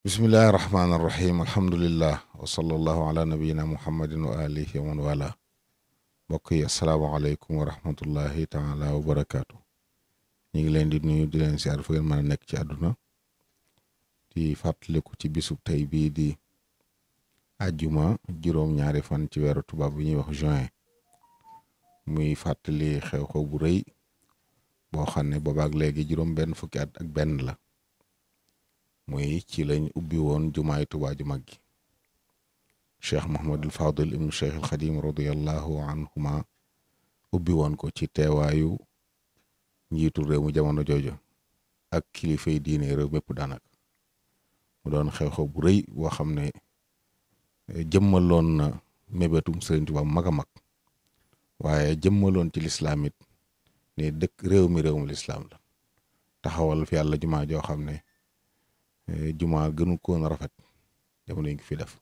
bismillahi rahmaani rahim alhamdulillah wa sallallahu ala nabiyina muhammadin wa alihi wala mbokk yi asalaamaaleykum wa rahmatullahi taala wa barakaatu ñu ngi leen di nuyu di leen siyaar fu ngeen mën a nekk ci àdduna di fàttaliku ci bisub tey bii di àjjuma juróom-ñaari fan ci weeru tubaab bi ñuy wax juin muy fàttali xew-xew bu rëy boo xam ne boobaak léegi juróom benn fukki ak benn la mooy ci lañ ubbi woon jumaay Tuubaa ju mag gi cheikh Mouhamadul Fadil ibnu cheikh al Xadim anhuma ubbi woon ko ci teewaayu njiitu réew mu jamono jooju ak kilifay diine réew mépp daanaka mu doon xew-xew bu rëy boo xam ne eh, jëmmaloon na mébétum Sëriñ Tuubaa mag a mag waaye jëmmaloon ci lislamit ne dëkk réew mi réew mu lislaam la taxawal fi yàlla jumaa joo xam ne Eh, jumaa ko koon rafet jamono yi ngi fi def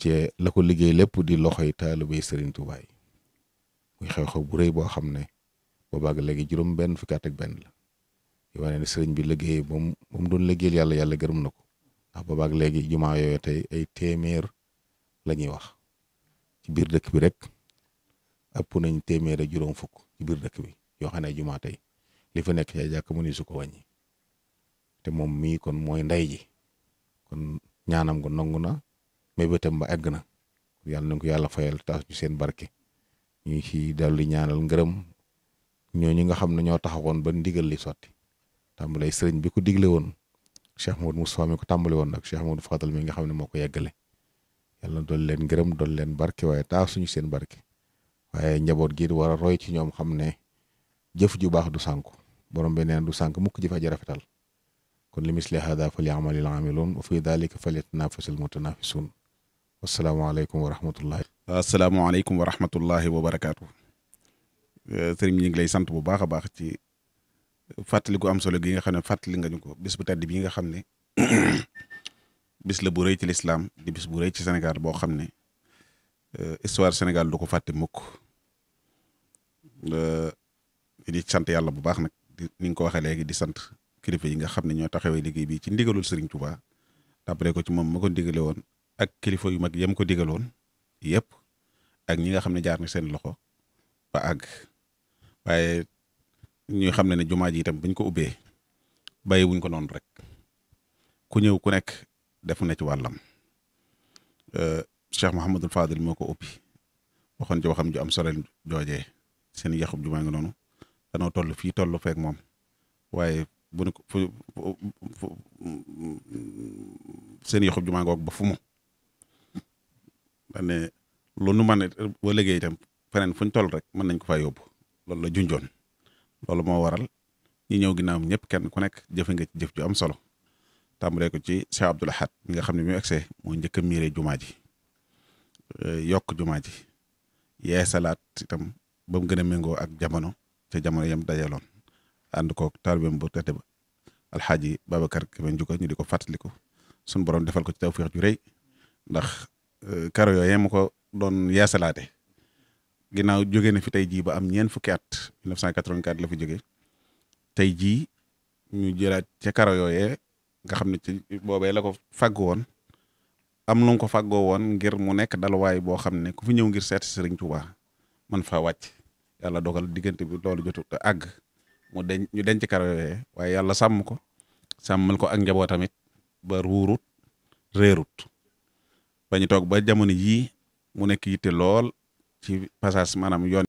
ci la liggéey lépp di loxoy taalibay sëriñ Tuubaa yi muy xew-xew bu rëy boo xam ne boobaag léegi juróom benn fukki at ak benn la di wane ne sëriñ bi liggéey ba mu doon liggéeyal yàlla yàlla gërëm na ko ndax boobaag léegi jumaa yooyu tey ay téeméer la wax ci biir dëkk bi rek ëpp nañ téeméer ak juróom fukk ci biir dëkk bi yoo xam ne jumaa tey li fa nekk yaay jàkk mëni su ko wàññi te moom mii kon mooy ndey ji kon ñaanam ko nangu na mébétam ba egg na yàlla na ko yàlla fayal taas ñu seen barke ñu ngi ci daldi ñaanal ngërëm ñooñu nga xam ne ñoo taxawoon ba ndigal li sotti tàmbalee sëriñ bi ko digle woon Cheikh Modou Moustapha mi ko tàmbale woon nag Cheikh Modou Fadal mi nga xam ne moo ko yeggale yàlla doon leen ngërëm doon leen barke waaye taas suñu seen barke waaye njaboot gi war a roy ci ñoom xam ne jëf ju baax du sànku borom bi neen du sànk mukk jëf aja rafetal kon li misli hada falyamalil aamiluun wa fi dalika falyatanafasil mutanafisuun wasalaamaaleykum wa rahmatullahi asalaamaaleykum wa rahmatullahi wa barakaatu eh, sëriñ ñu ngi lay sant bu baax a baax ci fàttali gu am solo gi nga xam ne fàttali nga ñu ko bis bu tedd bi nga xam ne bu rëy ci lislaam di bu rëy ci Sénégal boo xam ne eh, histoire Sénégal du ko fàtte mukk eh, di sant yàlla bu baax nag di ni nga ko waxee léegi di sant kilifa yi nga xam ne ñoo taxawee liggéey bi ci ndigalul Serigne Touba tàmbale ko ci moom ma ko digale woon ak kilifa yu mag yam ko digaloon yëpp ak ñi nga xam ne jaar na seen loxo ba àgg waaye ñuy xam ne ne jumaa ji tam buñ ko ubbee bàyyi wuñ ko noonu rek ku ñëw ku nekk def na ci wàllam euh, Cheikh Mouhamadul Fadil moo ko ubbi waxoon ci ju am solo joojee seen yaxub jumaa nga noonu danoo toll fii toll feek moom bu ko fu seen yoxub jumaa ngoog ba fu mu dane nu man ba liggéey itam feneen fu ñu toll rek mën nañ ko fa yóbbu loolu la junjoon loolu moo waral ñi ñëw ginnaawam ñëpp kenn ku nekk jëfe nga ci jëf ju am solo tàmbalee ko ci Cheikh Abdoul Ahad mi nga xam ne bi mu egsee moo njëkk a miire jumaa ji euh, yokk jumaa ji yeesalaat itam ba mu gën a ak jamono te jamono yam dajaloon ànd koog taalibeem bu tedd ba alxaaji Babacar Kébé Ndiouga ñu di ko fàttaliku sunu borom defal ko ci tawfeex ju rëy ndax euh, karo yooyee mu ko doon yaasalaate ginnaaw jóge na fi tey jii ba am ñeent fukki at 1984 la fi jóge tey jii ñu jëlaat ca karo yooyee nga xam ne ci la ko fàggu woon am lu ko fàggoo woon ngir mu nekk dalwaay boo xam ne ku fi ñëw ngir seet Sëriñ Tuubaa man faa wàcc yàlla dogal diggante bi loolu jotu àgg mu denc ñu denc karo yooyee waaye yàlla sàmm ko sàmmal ko ak njaboot tamit ba ruurut réerut ba toog ba jamono yii mu nekk yitte lool ci passage maanaam yoon